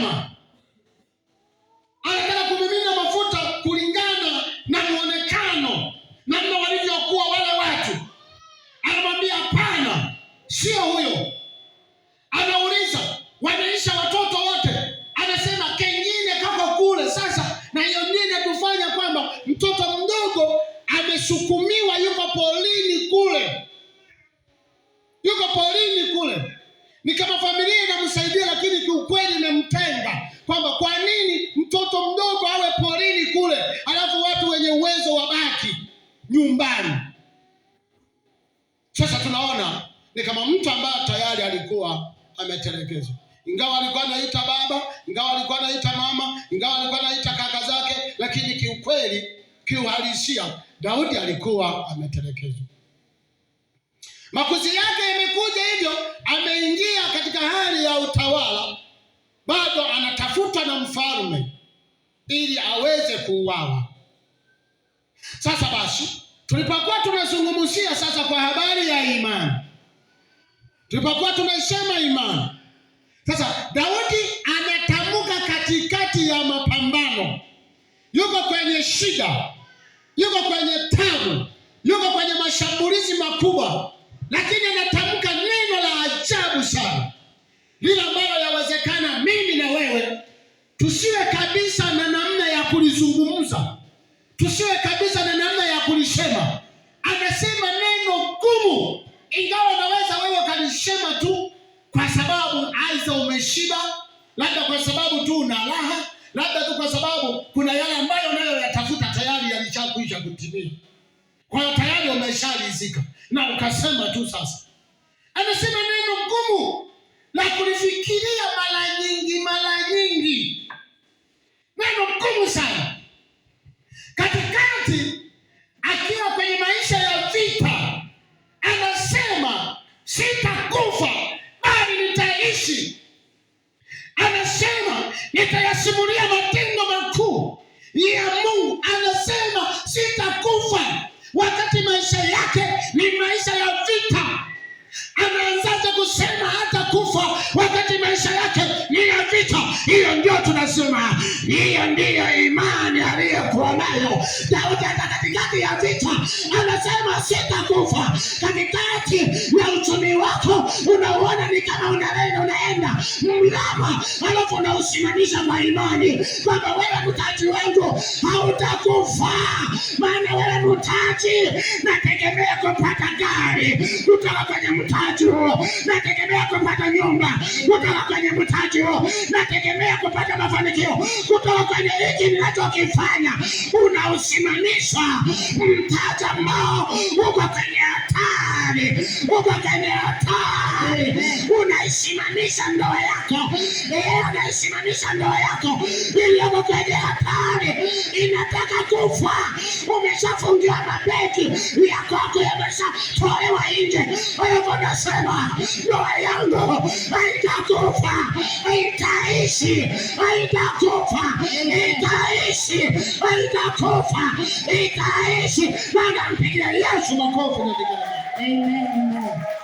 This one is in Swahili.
mama Sasa tunaona ni kama mtu ambaye tayari alikuwa ametelekezwa, ingawa alikuwa anaita baba, ingawa alikuwa anaita mama, ingawa alikuwa anaita kaka zake, lakini kiukweli, kiuhalisia, Daudi alikuwa ametelekezwa. Makuzi yake yamekuja hivyo, ameingia katika hali ya utawala, bado anatafuta na mfalme ili aweze kuuawa. Sasa basi Tulipokuwa tumezungumzia sasa kwa habari ya imani, tulipokuwa tumesema imani, sasa Daudi anatamka katikati ya mapambano, yuko kwenye shida, yuko kwenye tabu, yuko kwenye mashambulizi makubwa, lakini anatamka neno la ajabu sana, lile ambalo yawezekana mimi na wewe tusiwe kabisa labda kwa sababu tu una raha, labda tu kwa sababu kuna yale ambayo nayo yatafuta tayari yalishakuisha kutimia, kwa hiyo tayari wameshalizika na ukasema tu sasa. Anasema neno ngumu la kulifikiria mara nyingi mara nitayasimulia matendo makuu ya Mungu. Anasema sitakufa, wakati maisha yake ni maisha ya Hiyo ndio tunasema, hiyo ndiyo imani aliyokuwa nayo Daudi. Hata katikati ya vita anasema sitakufa. Katikati ya uchumi wako unauona ni kama unalenda unaenda mlama, alafu unausimamisha kwa imani kwamba wewe mtaji wangu hautakufa, maana wewe mtaji nategemea kupata gari kutoka kwenye mtaji huo nategemea kupata nyumba, kutoka kwenye mtaji huo. Nategemea kupata mafanikio kutoka kwenye hiki ninachokifanya. Unausimamisha mtaji ambao uko kwenye hatari, uko kwenye hatari. Unaisimamisha ndoa yako, ee, unaisimamisha ndoa yako iliyoko kwenye hatari, inataka kufa. Umeshafungiwa mabeki ya kwako, yameshatolewa nje. Kwa hivyo nasema ndoa yangu yako haitakufa, haitaishi, haitakufa, itaishi, haitakufa, itaishi. Nanda mpigia Yesu makofi katika Amen.